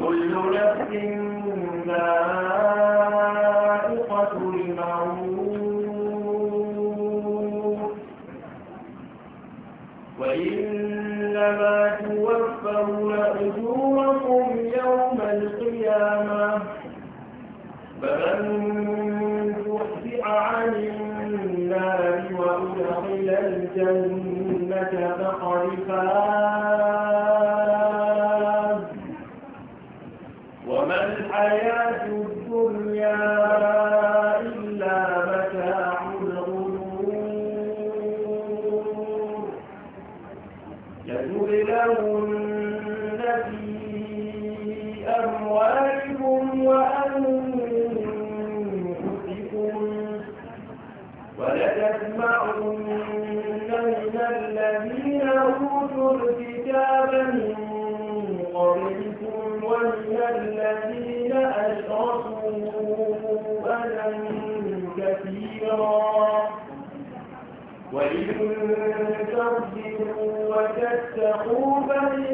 كل نفس ما وتتقوا فإن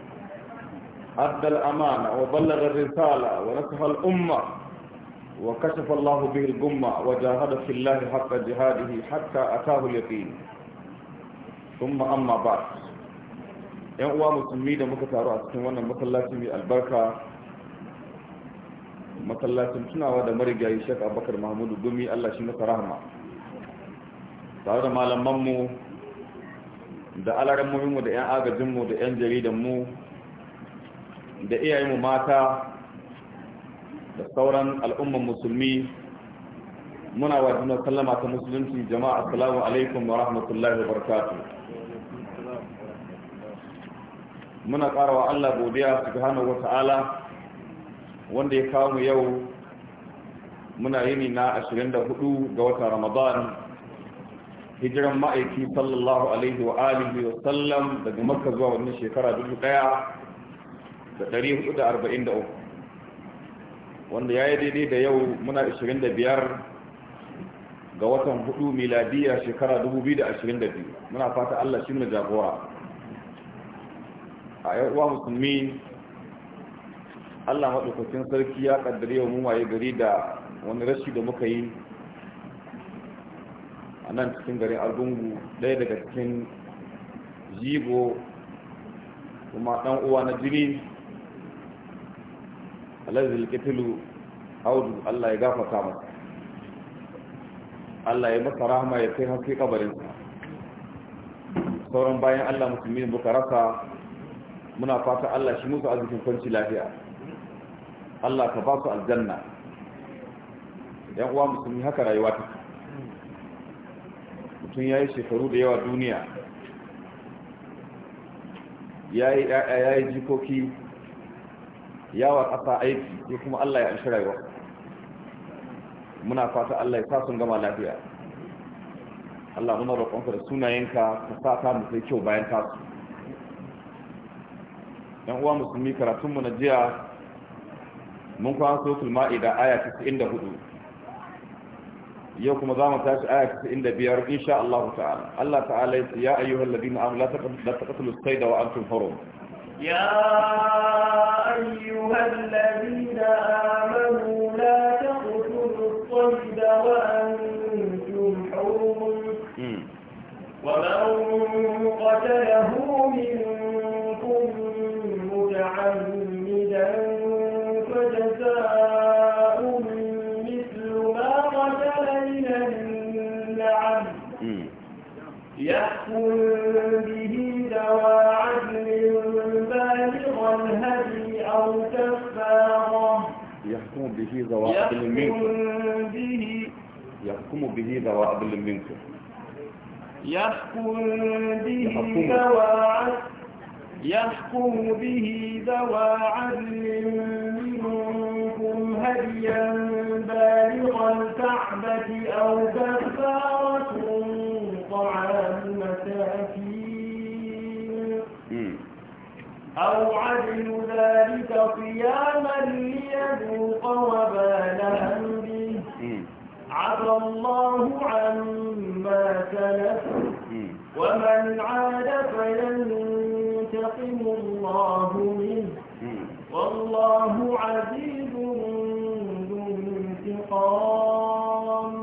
أدى الأمانة وبلغ الرسالة ونصح الأمة وكشف الله به الغمة وجاهد في الله حق جهاده حتى أتاه اليقين ثم أما بعد ‘yan uwa musulmi da muka taru a cikin wannan masallacin mai albarka masallacin tunawa da marigayi shek abakar mahmudu gumi allah shi masa rahama tare da malamanmu da alarammominmu da 'yan agajinmu da 'yan jaridanmu da iyayenmu mata da sauran al'umman musulmi muna wa juna sallama ta musulunci jama'a assalamu alaikum wa rahmatullahi wa muna ƙara wa Allah godiya subhanahu wa ta'ala wanda ya kawo mu yau muna yini na 24 ga watan Ramadan hijiran ma'aiki sallallahu alaihi wa alihi wa sallam daga Makka zuwa wannan shekara ɗaya. da 443 wanda ya yi daidai da yau muna 25 ga watan 4 miladiyar shekara 2022 muna fata Allah shi jagora a yau uwa musulmi Allah maɗaukacin sarki ya ƙaddare yau mu waye gari da wani rashi da muka yi a nan cikin garin albungu ɗaya daga cikin jigo kuma ɗan uwa na jini alazil kitilu audu Allah ya gafata masa Allah ya masa rahama ya kai haske kabarinsa sauran bayan Allah musulmi muka rasa muna fata Allah shi musu arzikin kwanci lafiya Allah ka ba su aljanna yan uwa musulmi haka rayuwa ta mutum ya yi shekaru da yawa duniya ya yi jikoki Yawar Asa aiki sai kuma Allah ya amshi rayuwa muna fata Allah ya sa sun gama lafiya Allah muna roƙonka da sunayenka ka sa ta mu sai kyau bayan tasu ɗan uwa musulmi mu na jiya mun kwana sotul ma'ida aya 94 yau kuma za mu tashi aya 95 insha Allah ta'ala Allah ta'ala ya ayyuhal ladina amanu la taqtulus sayda wa antum hurum يا أيها الذين آمنوا لا تقتلوا الصيد وأنتم حرم ومن قتله منكم متعمدا فجزاء مثل ما قتل من النعم يحكم به عدل منكم يحكم به ذوى عدل منكم يحكم به يحكم به ذوى عدل منكم هديا بالغ الكعبة أو كفارة أو عدل ذلك قياما ليذوق وبال أمره عفى الله عما سلف ومن عاد فلينتقم الله منه والله عزيز ذو انتقام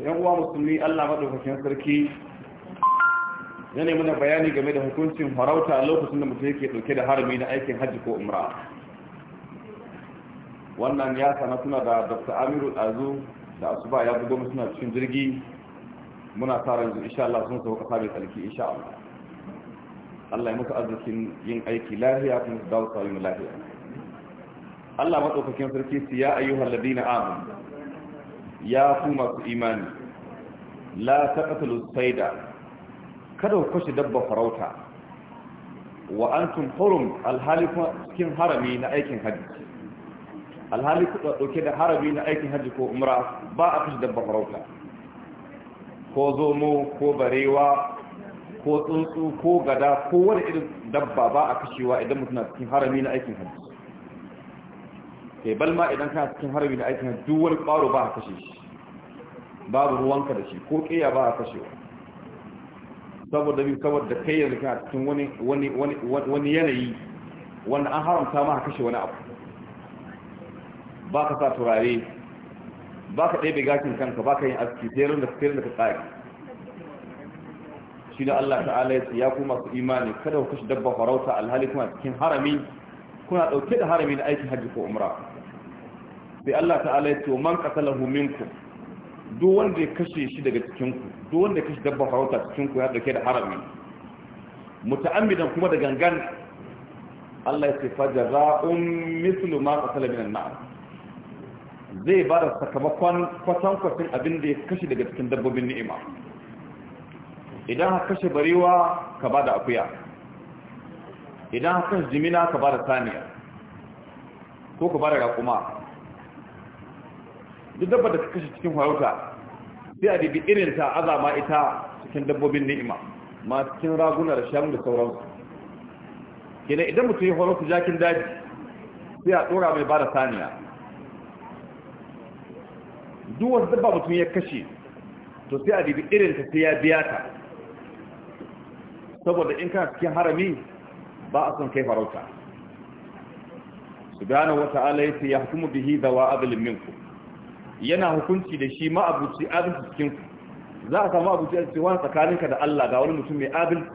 يوم مسلمي الله مدوكين سركي yana mana bayani game da hukuncin farauta a lokacin da mutum yake dauke da harami na aikin hajji ko umra wannan ya sana suna da dr amiru dazu da asuba ya bugo mu suna cikin jirgi muna sa ran zuwa insha Allah sun sauka kasa mai tsarki insha Allah Allah ya musu arzikin yin aiki lafiya kuma su dawo salim lafiya Allah madaukakin sarki su ya ayyuhal ladina amin ya ku masu imani la taqatul sayda kada ku kashe dabba farauta wa antum hurum alhali cikin harami na aikin hajji alhali da dauke da harami na aikin hajji ko umra ba a kashe dabba farauta ko zomo ko barewa ko tsuntsu ko gada ko wani irin dabba ba a kashewa idan mutum na cikin harami na aikin hajji kai eh, ma idan kana cikin harami na aikin hajji duk wani ƙwaro ba a kashe shi babu ruwanka da shi ko ƙiya ba a kashewa saboda bin saboda kai yanzu kana cikin wani wani wani wani yanayi wanda an haramta maka kashe wani abu baka sa turare baka ɗebe gashin kanka baka yin aski sai ran da sai da ka tsaya shi da Allah ta'ala ya ce ya ku masu imani kada ku kashe dabba farauta alhali kuma cikin harami kuna dauke da harami na aikin hajji ko umra sai Allah ta'ala ya ce man qatalahu minkum duk wanda ya kashe shi daga cikinku duk wanda ya kashe dabba farauta cikinku ya dauke da harami muta'ammidan kuma da gangan Allah ya ce fajaza'un mislu ma qatala min an-na'am zai ba da sakamakon kwatan kwatan abin da ya kashe daga cikin dabbobin ni'ima idan ka kashe barewa ka ba da akuya idan ka kashe jimina ka ba da saniya ko ka ba da raƙuma duk dabba da ka kashe cikin farauta sai a dibi irin ta azama ita cikin dabbobin ni'ima ma cikin raguna da shanu da sauransu kenan idan mutum ya farauta jakin daji sai a dora mai bada saniya duk wasu dabba mutum ya kashe to sai a dibi irin sai ya biya ta saboda in kana cikin harami ba a son kai farauta subhanahu wa ta'ala yace yahkumu bihi dawa adlin minkum yana hukunci da shi ma'abuci adalci cikin za a samu abuci a cewa tsakaninka da Allah ga wani mutum mai adalci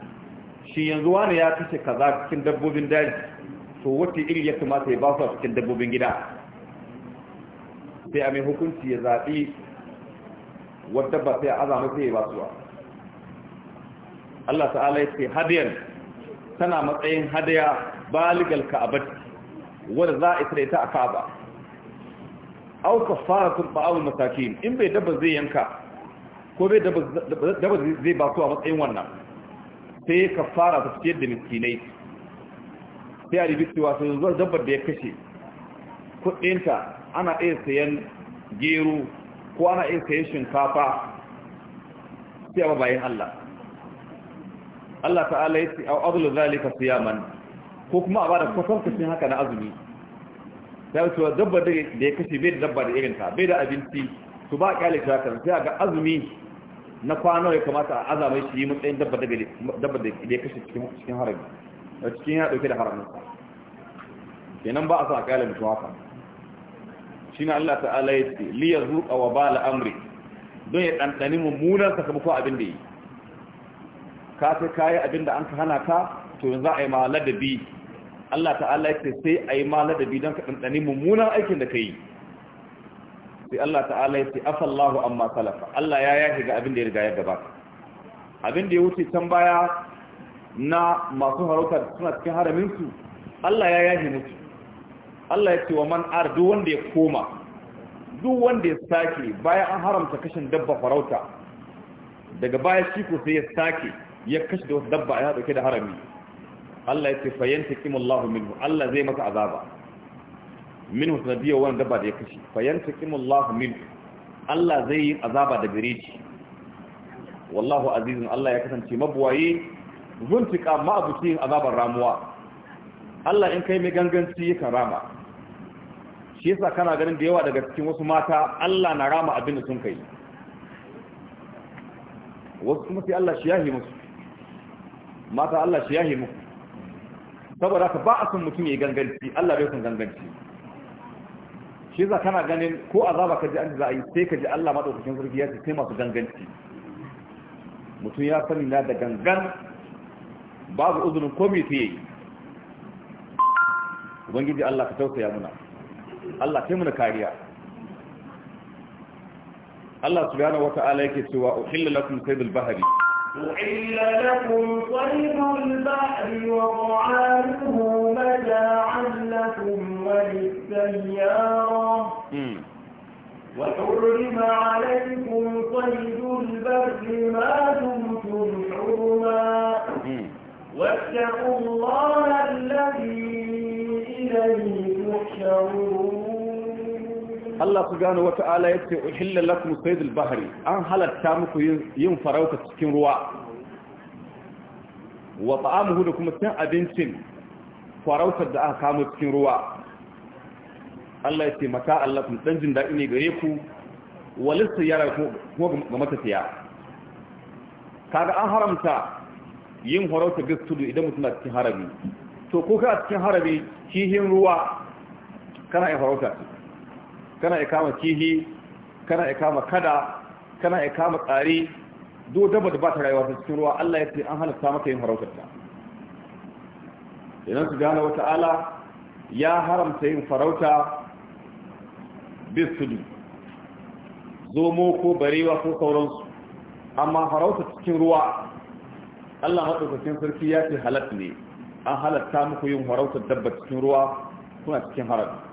shi yanzu wani ya kashe kaza cikin dabbobin daji to wata iri ya kamata ya ba su a cikin dabbobin gida sai a mai hukunci ya zaɓi wadda ba sai a azama sai ya ba su Allah ta'ala ya ce hadiyar tana matsayin hadaya baligal ka'abat wadda za a isa da ita a ka'aba aw kafaratun ba'al masakin in bai daba zai yanka ko bai daba zai ba su a matsayin wannan sai kafara ta fiye da miskinai sai a ribi cewa sai zuwa dabbar da ya kashe kudinta ana iya sayan gero ko ana iya sayan shinkafa sai a bayan Allah Allah ta'ala ya ce au azlu zalika siyaman ko kuma a bada kwatankwacin haka na azumi ta cewa dabba da ya kashe bai da dabba da irinta bai da abinci su ba kyale ta kan sai ga azumi na kwanar ya kamata a azamai shi yi matsayin dabba da ya kashe cikin harami a cikin ya dauke da haramin sa kenan ba a sa kyale mutu haka na Allah ta'ala ya ce liyar yazuqa wa bala amri don ya dandani mummunan sakamako abin da yi ka sai kayi abin da an ka hana ka to yanzu a yi ma ladabi Allah ta'ala ya ce sai a yi ma ladabi don ka ɗanɗani mummunan aikin da ka yi sai Allah ta'ala ya ce afallahu amma talafa Allah ya yaki ga abin da ya riga ya gabata abin da ya wuce can baya na masu harautar suna cikin haraminsu Allah ya yaki musu Allah ya ce wa man ar duk wanda ya koma duk wanda ya sake bayan an haramta kashin dabba farauta daga baya shi ko sai ya sake ya kashe da wasu dabba ya dauke da harami Allah ya ce fayantakimu Allah minhu Allah zai masa azaba minhu sanadiyar wani dabba da ya kashi fayantakimu Allah minhu Allah zai yi azaba da gare shi wallahu azizun Allah ya kasance mabuwaye zuntika ma'abuci azabar ramuwa Allah in kai mai ganganci yakan rama shi yasa kana ganin da yawa daga cikin wasu mata Allah na rama abin da sun kai wasu kuma sai Allah shi yahi musu mata Allah shi yahi muku saboda ka ba a son mutum ya yi ganganci Allah bai son ganganci shi za kana ganin ko azaba ka ji an za a yi sai ka ji Allah madaukakin sarki ya ce sai masu ganganci mutum ya sani na da gangan babu uzurin komai ta yi ubangiji Allah ka tausaya muna Allah kai muna kariya Allah subhanahu wata'ala yake cewa uhilla lakum saydul bahri أحل لكم صيد البحر وطعامه متاعا لكم وللسيارة وحرم عليكم صيد البر ما دمتم حرما واتقوا الله الذي إليه تحشرون Allah subhanahu wata'ala ce, uhilla lakum saydul bahri an halatta muku yin farauta cikin ruwa wa ta'amuhu da kuma cin abincin farautar da aka kamo cikin ruwa Allah ya yace mata kun dan jin dadi ne gare ku walisa yara kuma ga matafiya kaga an haramta yin farauta tudu idan mutum na cikin harami to ko ka cikin harami kihin ruwa kana yin farauta ce kana iya kama kihi kana ya kama kada kana ya kama tsari duk dabba da ba ta rayuwa ta cikin ruwa Allah ya ce an halatta maka yin farautar ta idan su gane ala ya haramta yin farauta bis tudu zomo ko barewa ko sauransu amma farauta cikin ruwa Allah maɗaukakin sarki ya ce halat ne an halatta muku yin farautar dabba cikin ruwa kuna cikin haramta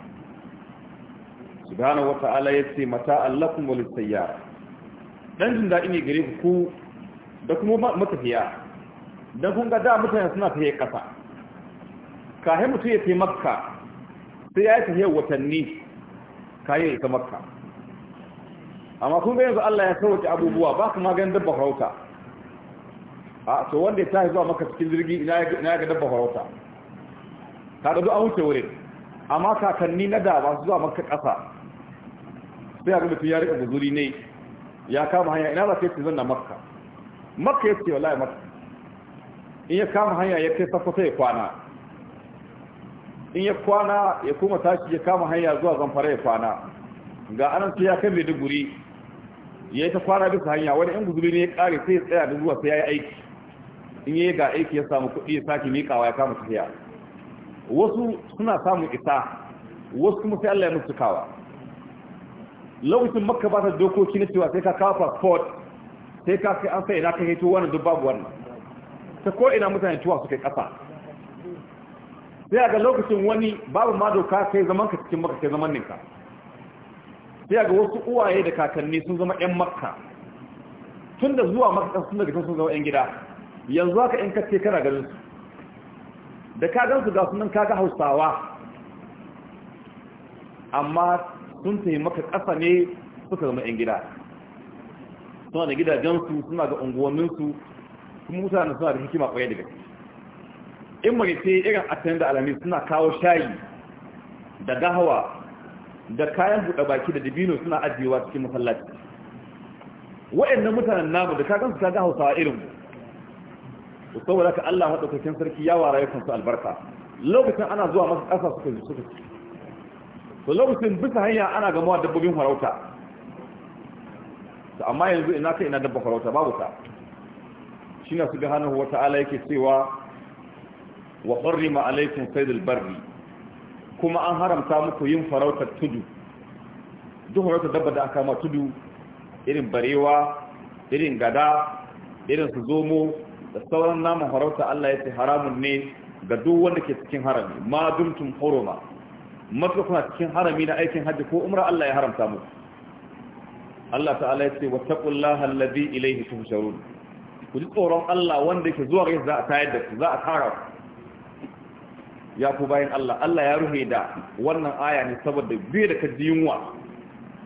subhanahu wata'ala ce mata allakum wal sayyar dan jin daɗi ne gare ku da kuma matafiya don kun ga da mutane suna yi kasa kahe mutu ya tafi makka sai ya yi yi watanni ya ita makka amma kun ga yanzu Allah ya sauke abubuwa ba kuma ganin dabba farauta a to wanda ya tafi zuwa maka cikin jirgi ina ga dabba farauta ka ga duk an wuce wurin amma kakanni na da ba su zuwa maka ƙasa sai a ga mutum ya rika guzuri ne ya kama hanya ina za ka yi zan na makka makka ya ce la'ayi makka in ya kama hanya ya kai sai ya kwana in ya kwana ya kuma tashi ya kama hanya zuwa zamfara ya kwana ga anan sai ya kai guri ya yi ta kwana bisa hanya wani in guzuri ne ya kare sai ya tsaya da zuwa sai ya yi aiki in yi ga aiki ya samu kuɗi ya sake miƙawa ya kama tafiya wasu suna samun isa wasu kuma sai Allah ya musu kawa lokacin makka ba ta dokoki na cewa sai ka kawo passport sai ka fi an sai ina ka hito wani duk babu wannan ta ko ina mutane tuwa suka kasa sai ga lokacin wani babu ma doka kai zaman ka cikin makka kai zaman ninka sai ga wasu uwaye da kakanni sun zama yan makka tun da zuwa makka sun daga sun zama yan gida yanzu haka in kace kana ganin su da ka gan su ga sunan kaga hausawa amma sun taimaka maka ƙasa ne suka zama 'yan gida suna da gidajensu suna ga unguwanninsu kuma mutane suna da hikima kwaye daga in sai irin atayin da alamis suna kawo shayi da gahawa da kayan buɗe baki da dabino suna ajiyewa cikin masallaci waɗannan mutanen namu da kagansu ta ga hausawa irin su saboda ka Allah maɗaukakin sarki ya wara ya kansu albarka lokacin ana zuwa masu ƙasa suka suka to lokacin bisa hanya ana gamuwa dabbobin farauta to amma yanzu ina kai ina dabba farauta babu ta shi na subhanahu wa ta'ala yake cewa wa hurrima alaykum saydul barri kuma an haramta muku yin farautar tudu duk farautar dabba da aka ma tudu irin barewa irin gada irin su zomo da sauran naman farauta Allah ya ce haramun ne ga duk wanda ke cikin harami ma dumtum huruma mafi kuna cikin harami na aikin hajji ko umra Allah ya haramta mu Allah ta'ala ya ce wattaqullaha alladhi ilayhi tuhsharun ku ji tsoron Allah wanda yake zuwa ga za a tayar da ku za a tara ya ku bayan Allah Allah ya ruhe da wannan aya ne saboda biye da kaji yunwa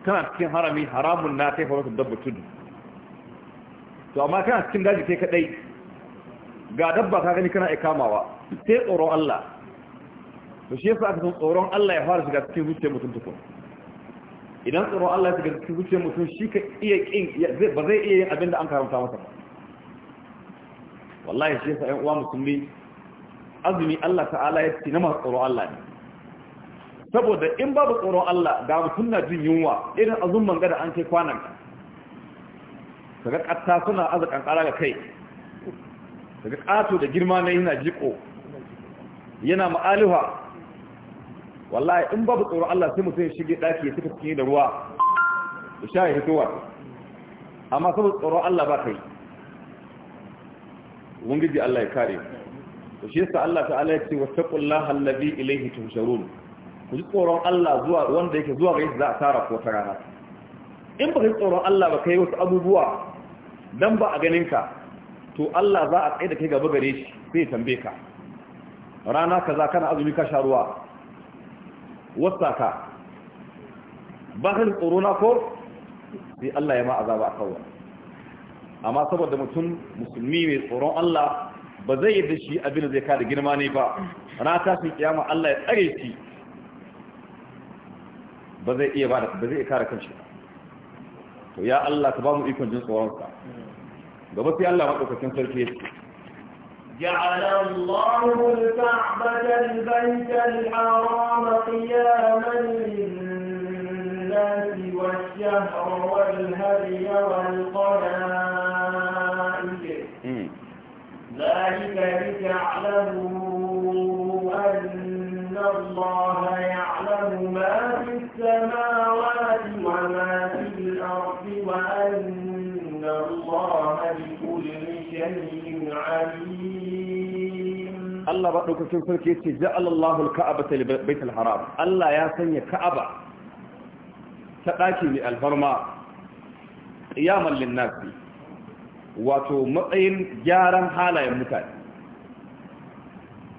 kana cikin harami haramun na kai farautar dabba tudu to amma kana cikin daji kai kadai ga dabba ka gani kana ikamawa sai tsoron Allah to shi yasa aka san tsoron Allah ya fara shiga cikin zuciyar mutum tukun idan tsoron Allah ya shiga cikin zuciyar mutum shi ka iya kin ba zai iya yin abin da an karanta masa ba wallahi shi yasa ƴan uwa musulmi azumi Allah ta'ala ya ce na masu tsoron Allah ne saboda in babu tsoron Allah ga mutum na jin yunwa irin azumman gada an kai kwanan kaga katta suna azakan kara ga kai kaga kato da girma na yana jiko yana ma'aluha wallahi in babu tsoro Allah sai mutum ya shige daki ya fita cikin da ruwa ya sha ya fitowa amma saboda tsoro Allah ba kai ubangiji Allah ya kare to shi yasa Allah ta'ala ya ce wattaqullaha allazi ilayhi tuhsharun ku ji tsoron Allah zuwa wanda yake zuwa ga yadda za a tara ko ta rana in ba ka ji tsoron Allah ba kai wasu abubuwa dan ba a ganin ka to Allah za a tsaye da kai gaba gare shi sai ya tambaye ka rana kaza kana azumi ka sha ruwa wasaka ba ka tsoro na ko sai Allah ya ma azaba a kawai amma saboda mutum musulmi mai tsoron Allah ba zai yi da shi abin da zai kada girma ne ba rana tashin kiyama Allah ya tsare shi ba zai iya ba ba zai kare kanshi to ya Allah ka ba mu ikon jin tsoronka gaba sai Allah maɗaukakin sarki ya ce جعل الله الكعبة البيت الحرام قياما للناس والشهر والهدي والقلائد ذلك لتعلموا أن الله يعلم ما في السماوات وما في الأرض وأن الله بكل شيء عليم Allah ba ɗaukakin sarki ce ja'alallahu al-ka'aba ta baitul haram Allah ya sanya ka'aba ta ɗaki mai alfarma qiyaman lin-nasi wato matsayin gyaran halayen mutane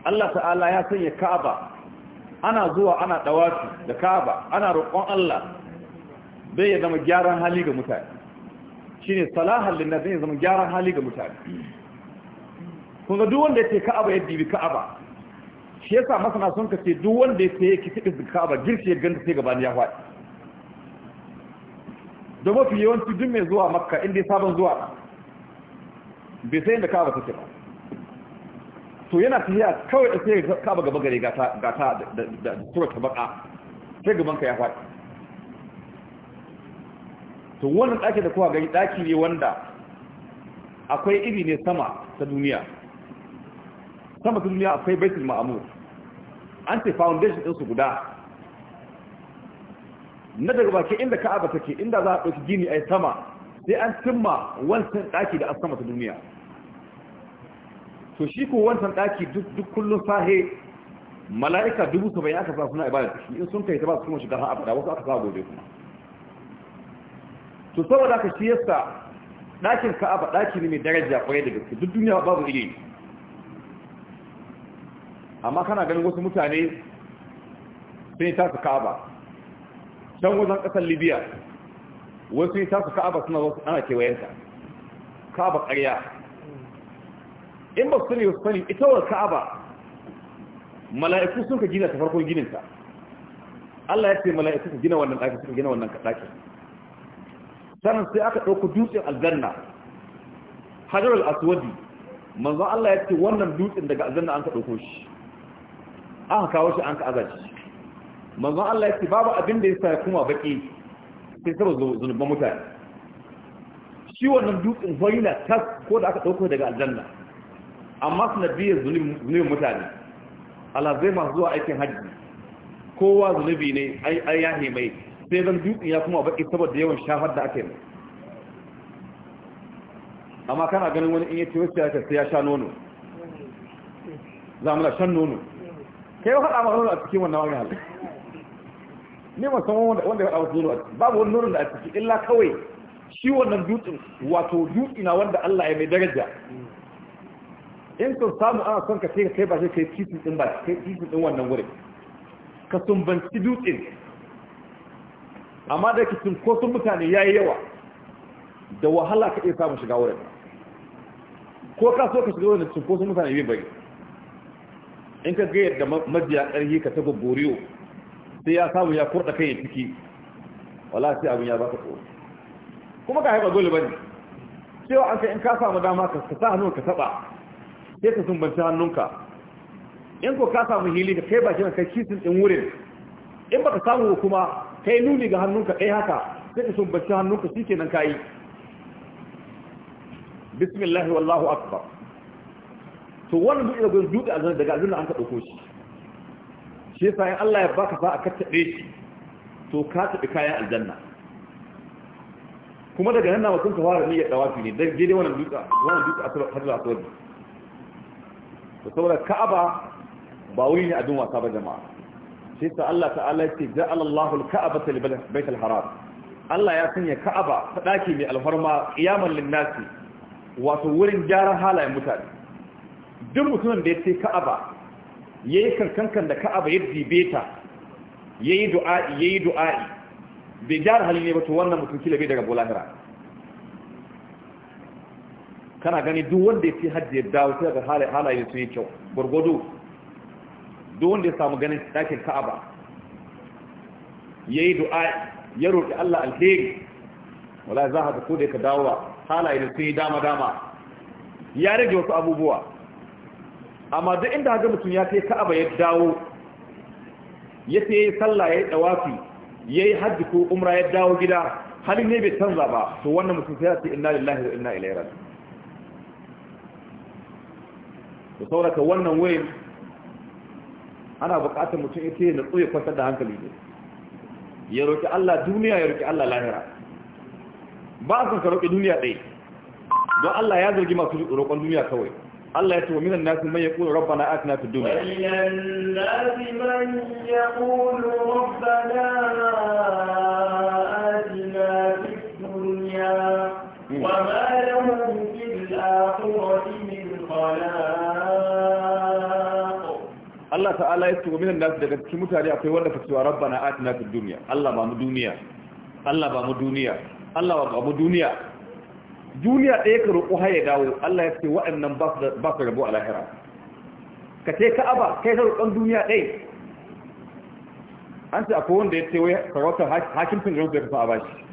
Allah ta'ala ya sanya ka'aba ana zuwa ana dawafi da ka'aba ana roƙon Allah bai ya zama gyaran hali ga mutane shine salahan lin-nasi zama gyaran hali ga mutane kun ga duk wanda ya ce ka'aba ya dibi ka'aba shi yasa masana sun ka ce duk wanda ya ce ki tiɗi ka'aba girki ya ganta sai gabani ya faɗi da mafi yawanci duk mai zuwa makka inda ya sabon zuwa bai sai inda ka'aba take ba to yana tafiya kawai da sai ka'aba gaba gare gata gata da surat ta baka sai gaban ka ya faɗi to wannan ɗaki da kowa gani ɗaki ne wanda akwai iri ne sama ta duniya sama ta duniya akwai baitul ma'amur an ce foundation ɗinsu guda na daga baki inda ka'aba take inda za a ɗauki gini a sama sai an cimma wancan ɗaki da an sama ta duniya to shi ko wancan ɗaki duk kullum sahe mala'ika dubu saba'in aka sa suna ibada ciki in sun kai ta ba su kuma shiga har abada wasu aka sa gobe kuma to saboda ka shi yasa ɗakin ka'aba ɗaki ne mai daraja kwarai da gaske duk duniya babu iri amma kana ganin wasu mutane sun yi tasu ka'aba can wajen ƙasar libya wasu yi tasu ka'aba suna wasu ana kewayenta ka'aba ƙarya in ba su sani wasu sani ita wa ka'aba mala'iku sun ka gina ta farkon gininta Allah ya ce mala'iku su gina wannan ɗaki suka gina wannan ɗaki sannan sai aka ɗauko dutsen aljanna hajar al'aswadi manzon Allah ya ce wannan dutsen daga aljanna an ka ɗauko shi aka kawo shi an ka azaci manzon Allah ya ce babu abin da ya sa kuma baki sai saboda zunuban mutane shi wannan dutsen hoyina tas ko da aka dauko daga aljanna amma sanadiyar zunubin mutane Allah zai masu zuwa aikin hajji kowa zunubi ne ai yahe mai sai zan dutsen ya kuma baki saboda yawan shafar da ake mai amma kana ganin wani in yace wacce ya sai ya sha nono za mu shan nono kai ya faɗa maka a cikin wannan wani halin ne ba san wanda ya faɗa wasu nuru a babu wani nuna da a ciki illa kawai shi wannan dutsen wato dutsen na wanda Allah ya mai daraja in sun samu ana son ka sai ka kai ba sai kai titin din ba kai titin din wannan wurin ka sumbanci dutsen amma da ke sun mutane ya yi yawa da wahala ka iya samun shiga wurin ko ka so ka shiga wurin da sun mutane yi bari in ka ga yadda mabiya ƙarfi ka ta gogoriyo sai ya samu ya kurɗa kai ciki wala sai abin ya ka tsoro kuma ka haifa dole bane cewa an kai in ka samu dama ka sa hannun ka taɓa sai ka sumbanci hannunka in ko ka samu hili ka kai bakin kai kisin ɗin wurin in ba ka samu kuma kai nuni ga hannunka kai haka sai ka sumbanci hannunka ka yi. Bismillahi wallahu akbar to wannan duk ina gudun duka aljanna daga aljanna an ka ɗauko shi shi yasa in Allah ya baka fa aka taɓe shi to ka taɓi kayan aljanna kuma daga nan na mutum ka fara niyyar dawafi ne daidai wannan duka wannan duka a hajjar aswadi Da saboda ka'aba ba wuri ne a abin wasa ba jama'a shi yasa Allah ta'ala ya ce ja'ala Allahu al-ka'aba li baitil haram Allah ya sanya Ka'aba ta ɗaki mai alfarma qiyaman lin-nasi wato wurin gyaran halayen mutane duk mutumin da ya ce ka'aba ya yi kankankan da ka'aba ya dibe ta ya yi du'a'i ya yi du'a'i bai da hali ne ba to wannan mutum kila bai daga bolahira kana gani duk wanda ya ce hajji ya dawo sai daga halaye sun yi kyau gwargwado duk wanda ya samu ganin ɗakin ka'aba ya yi du'a'i ya roƙi Allah alheri wala za ka ko da ka dawo halaye sun yi dama dama ya rage wasu abubuwa amma duk inda haka mutum ya kai ka'aba ya dawo ya sai sallah ya yi dawafi ya yi hajji ko umra ya dawo gida halin ne bai canza ba to wannan mutum sai ya ce ina lillahi wa ina ilaihi raji'un to sauraka wannan wayin ana buƙatar mutum ya ya na ya kwantar da hankali ne ya roƙi Allah duniya ya roƙi Allah lahira ba a son ka roƙi duniya ɗaya don Allah ya zargi masu roƙon duniya kawai الله يتوى من الناس من يقول ربنا آتنا في الدنيا ومن الناس من يقول ربنا آتنا في الدنيا وما لهم في الآخرة من خلاق الله تعالى من الناس لقد كمت ربنا آتنا في الدنيا الله بام الله بام duniya ɗaya ka roƙo har ya dawo Allah ya ce waɗannan ba su rabu a lahira ka ce ka aba kai ta roƙon duniya ɗaya an ce akwai wanda ya ce wai sarautar hakim fin rautar kafa a shi.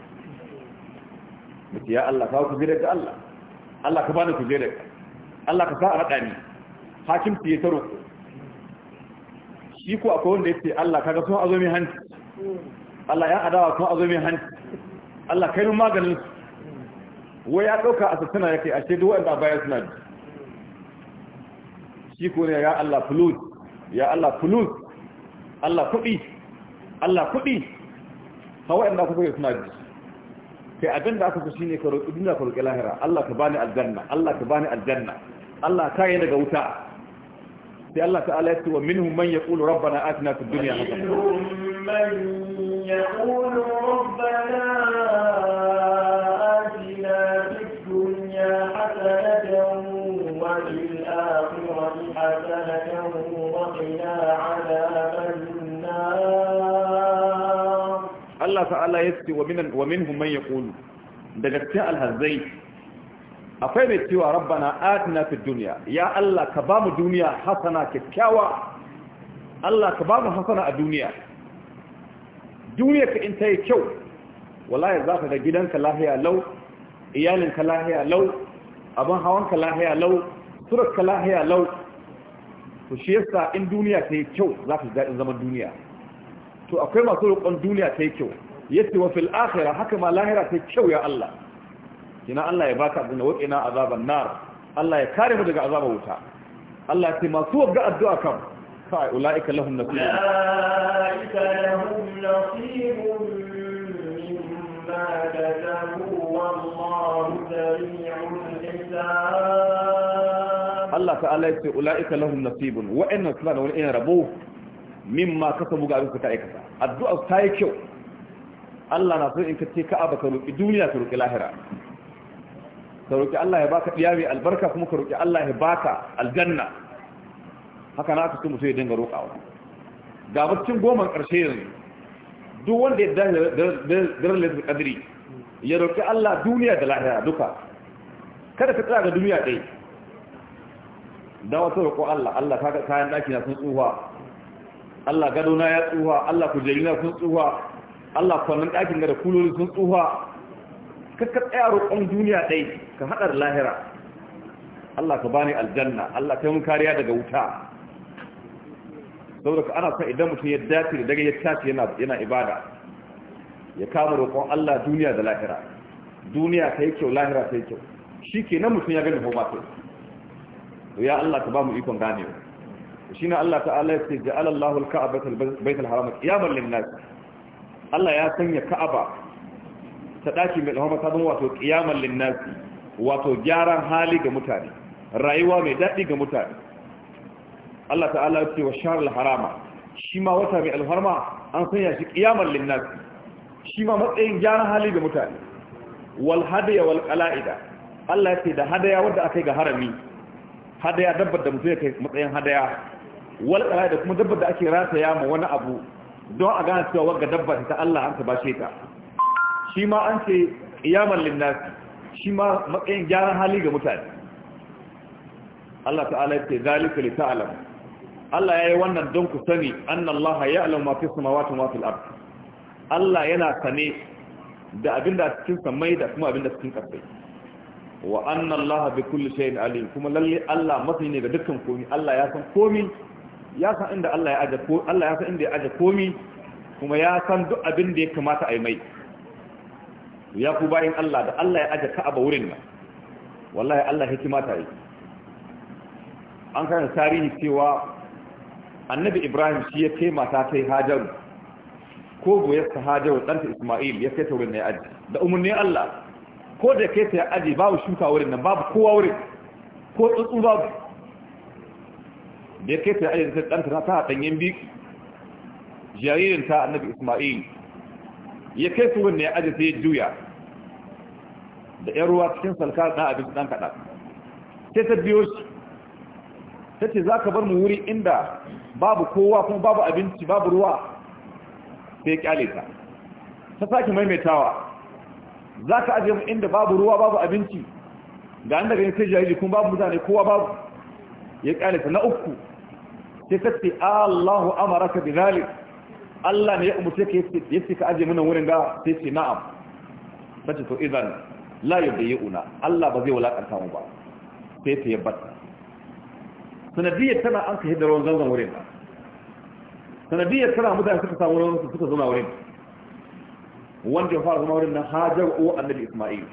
mutu ya Allah kawo kujerar daga Allah Allah ka bani daga. Allah ka sa a raɗa ni hakim fi ya ta roƙo shi ko akwai wanda ya ce Allah ka sun azomi hanci Allah ya adawa sun azomi hanci Allah kai nun maganin su wai ya ɗauka a sassana ya kai a ce waɗanda a baya suna ji shi ko ne ya Allah fulus ya Allah fulus Allah kuɗi Allah kuɗi ha waɗanda kuka yi suna ji kai abin da aka fi shi ne ka roƙi duniya ka roƙi lahira Allah ka bani aljanna Allah ka bani aljanna Allah ka yi daga wuta sai Allah ta'ala ya ce wa minhum man yaqulu rabbana atina fid dunya hasanah minhum man yaqulu rabbana Allah ta'ala ya ce wa minhum man yaqulu daga cikin alhazzai akwai mai cewa rabbana atina fid dunya ya Allah ka bamu duniya hasana kyakkyawa Allah ka bamu mu hasana a duniya duniya ka in ta yi kyau wallahi za ka ga gidanka lahiya lau iyalinka lahiya lau abin hawanka lahiya lau turarka lahiya lau to shi yasa in duniya ta yi kyau za ka ji daɗin zaman duniya to akwai masu roƙon duniya ta yi kyau yace wa fil akhirah haka ma lahira ta kyau ya Allah kina Allah ya baka abin da wakina azaban nar Allah ya kare mu daga azaban wuta Allah ya ce masu wagga addu'a kan fa ulaika lahum nasibun ulaika lahum nasibun mimma kasabu wallahu sami'un hisab Allah ta'ala ya ce ulaika lahum nasibun wa inna sallana wal in rabu mimma kasabu ga abin ka ta aikata addu'a ta yi kyau Allah na so in ka ce ka'aba ka roƙi duniya ka roƙi lahira ka roƙi Allah ya baka diya albarka kuma ka roƙi Allah ya baka aljanna haka na aka so ya dinga roƙawa ga baccin goma ƙarshe yanzu duk wanda ya dace da kadiri ya roƙi Allah duniya da lahira duka kada ka tsaya ga duniya ɗai da wata roƙo Allah Allah kayan ɗaki na sun tsuwa Allah gado na ya tsuwa Allah na sun tsuwa Allah kwanan ɗakin da kuloli sun tsuha kakka tsaya roƙon duniya ɗai ka haɗar lahira Allah ka bani aljanna Allah ka yi kariya daga wuta saboda ka ana son idan mutum ya dace daga ya tashi yana ibada ya kama roƙon Allah duniya da lahira duniya ta yi kyau lahira ta yi kyau shi ke nan mutum ya gani homa ta ya Allah ka ba mu ikon ganewa shi na Allah ta'ala ya ce ja'alallahu al-ka'abatal baitul haram qiyaman lin-nas Allah ya sanya Ka'aba ta daki mai rahama ta zama wato qiyamal linnasi wato gyaran hali ga mutane rayuwa mai dadi ga mutane Allah ta'ala ya ce wa sharul harama shi ma wata mai alharma an sanya shi qiyamal linnasi shi ma matsayin gyaran hali ga mutane wal hadiya wal qala'ida Allah ya ce da hadaya wanda akai ga harami hadaya dabbar da mutum ya kai matsayin hadaya wal qala'ida kuma dabbar da ake rataya ma wani abu don a gane cewa wagga dabba ta Allah an ta shi ta shi ma an ce qiyamar linnasi shi ma matsayin gyaran hali ga mutane Allah ta'ala ya ce zalika li ta'lam Allah yayi wannan don ku sani annallaha ya'lamu ma fi samawati wa fil ard Allah yana sane da abinda cikin samai da kuma abinda cikin ƙasai wa annallaha bi kulli shay'in alim kuma lalle Allah masani ne ga dukkan komai Allah ya san komai ya san inda Allah ya aje ko Allah ya san inda ya aje komi kuma ya san duk abin da ya kamata a yi mai ya ku bayin Allah da Allah ya aje Ka'aba wurin nan wallahi Allah ya ta yi an karanta tarihi cewa annabi Ibrahim shi ya kai mata ta Hajaru ko goyarsa Hajaru ɗanta Isma'il ya kai ta wurin ne aji da umurni Allah ko da kai ta aji babu shuka wurin nan babu kowa wurin ko tsuntsu babu da ya kaita ta da ta ɗanta ta ɗanyen bi jaririn ta annabi ismail ya kaita su ya aji sai juya da ya ruwa cikin salka na abinci ɗan kaɗa sai ta biyo shi ta ce za ka bar mu wuri inda babu kowa kuma babu abinci babu ruwa sai ya kyale ta ta sake maimaitawa za ka ajiye mu inda babu ruwa babu abinci ga an daga yin sai jariri kuma babu mutane kowa babu ya kyale ta na uku sai ka ce Allahu amaraka bi zalik Allah ne ya umurce ka yace ka aje mana wurin ga sai ce na'am sai to idan la yubayyuna Allah ba zai wulakanta mu ba sai ta yabbata sanadiyar tana an ka hidda ruwan zanzan wurin ba sanadiyar tana mutane suka samu ruwan su suka zuna wurin wanda ya fara zama wurin nan hajar uwa annabi isma'il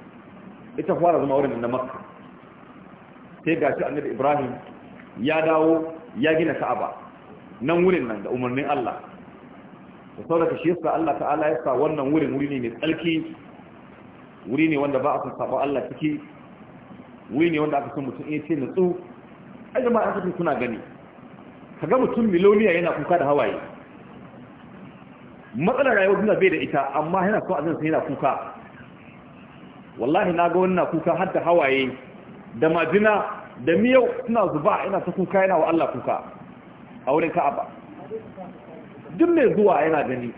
ita fara zama wurin nan makka sai gashi annabi ibrahim ya dawo ya gina ka'aba nan wurin nan da umarnin Allah da sauraka shi yasa Allah ta'ala ya sa wannan wurin wuri ne mai tsarki wuri ne wanda ba a san sabon Allah ciki wuri ne wanda aka san mutum in ce nutsu a jama'a aka kuna gani Ka ga mutum miloniya yana kuka da hawaye matsalar rayuwar duniya bai da ita amma yana so a zan sai yana kuka wallahi na ga wannan kuka har da hawaye da majina da miyau suna zuba ina ta kuka yana wa Allah kuka a wurin ka'aba duk mai zuwa yana gani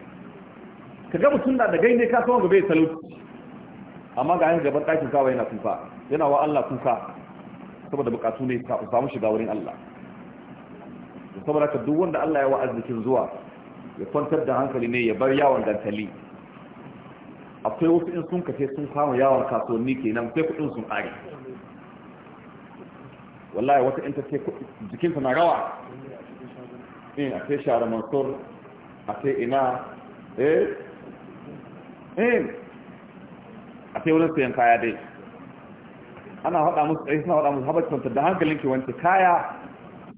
ka ga mutum da daga ne kasuwan gaba ya talauci amma ga yin gaban ɗakin kawai yana kuka yana wa Allah kuka saboda bukatu ne ka samu shiga wurin Allah saboda ka duk wanda Allah ya wa arzikin zuwa ya kwantar da hankali ne ya bar yawon dantali akwai wasu in sun kashe sun kama yawon kasuwanni kenan sai kuɗin sun ƙare wallahi wata in ta ce jikinsa na rawa in eh, a sai shara mansur a sai ina eh in eh, a sai wurin sayan kaya dai ana haɗa musu ɗaya eh, suna haɗa musu haɓar kwanta da hankalin ki wanke kaya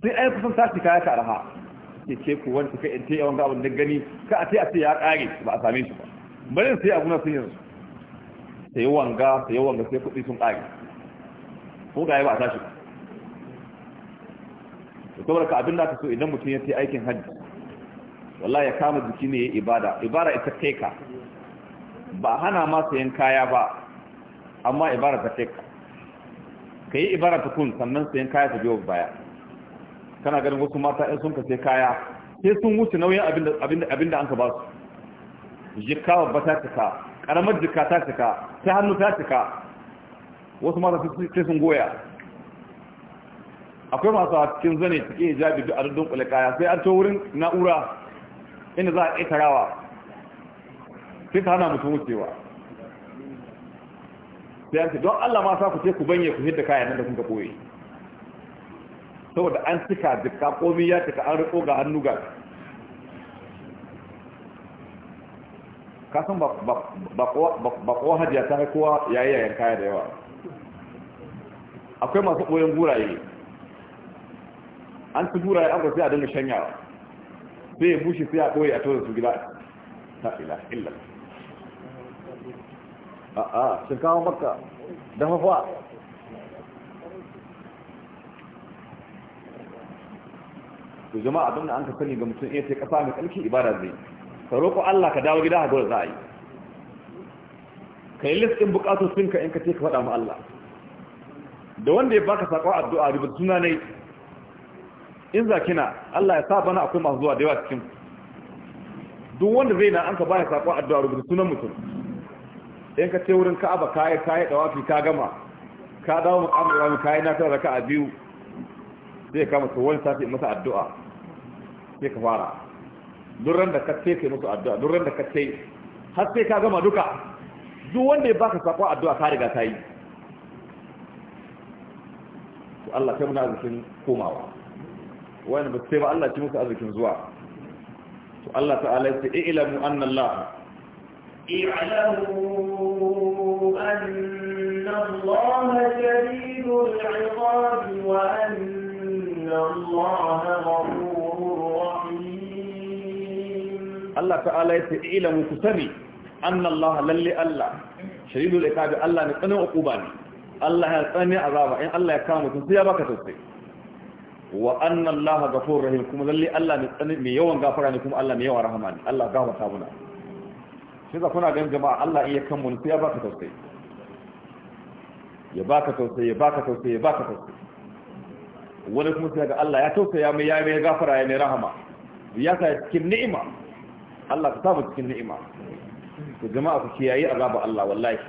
sai ai kusan tashi kaya ka raha. ke ce ku wanke ka in ta yawan abin da gani ka a sai a sai ya ƙare ba a same shi ba bari sai a guna sun yanzu sai wanga sai wanga sai kuɗi sun ƙare ko ga ba a tashi ba saboda ka abin da ka so idan mutum ya ce aikin hajji wallahi ya kama jiki ne ya ibada ibada ita kai ka ba hana ma sayan kaya ba amma ibada ta kai ka ka yi ibada ta kun sannan sayan kaya ta biyo baya kana ganin wasu mata in sun ka kaya sai sun wuce nauyin abin da an ka ba su jikka babba ta cika karamar jikka ta cika sai hannu ta cika wasu mata sai sun goya akwai masu a cikin zane suke jabi duk adadin dunkule kaya sai an to wurin na'ura inda za a tarawa sai ta hana mutum wucewa sai an ce don Allah ma sa ku ce ku banye ku hidda kayan nan da kun ka ɓoye saboda an cika jikka komi ya cika an riko ga hannu ga kasan ba kowa hajiya ta haikowa yayi yayin kaya da yawa akwai masu ɓoyen guraye an fi jura ya amsa sai a dinga shanyawa sai ya bushe sai a ɓoye a tozar su gida ta ila illa a a shinkawa makka dafafa su jama'a abin da an ka sani ga mutum iya ce kasa mai tsarki ibada zai ka roƙo Allah ka dawo gida haɗuwar za a yi ka yi listin bukatun ka in ka ce ka faɗa mu Allah da wanda ya baka saƙon addu'a rubutu suna ne in za kina Allah ya sa bana akwai masu zuwa da yawa cikin duk wanda zai na an ka baya sakon addu'a rubutu sunan mutum in ka ce wurin ka ka kayi kayi dawafi ka gama ka dawo mu kamar mu kayi na tara a biyu zai kama su wani safi masa addu'a sai ka fara duk randa da ka ce sai masa addu'a duk randa da ka ce har sai ka gama duka duk wanda ya baka sakon addu'a ka riga ta yi to Allah sai muna zikin komawa wani ba sai ba Allah ci musu arzikin zuwa to Allah ta'ala ya ce ilamu anna Allah i'lamu anna Allah shadidul 'iqab wa anna Allah ghafurur rahim Allah ta'ala ya ce ilamu kusari anna Allah lalle Allah shadidul 'iqab Allah ne tsanin uquba ne Allah ya tsani azaba in Allah ya kama mutum sai ya baka tausayi wa annan allaha ghafurur rahim kuma lalle Allah ne tsani mai yawan gafara ne kuma Allah mai yawan rahama ne Allah ta muna shi za kuna ganin jama'a Allah iya kan mun sai ya baka tausayi ya baka tausayi ya baka tausayi ya baka tausayi wani kuma sai ga Allah ya tausaya mai ya mai gafara ya mai rahama ya sa cikin ni'ima Allah ka samu cikin ni'ima to jama'a ku kiyaye azaba Allah wallahi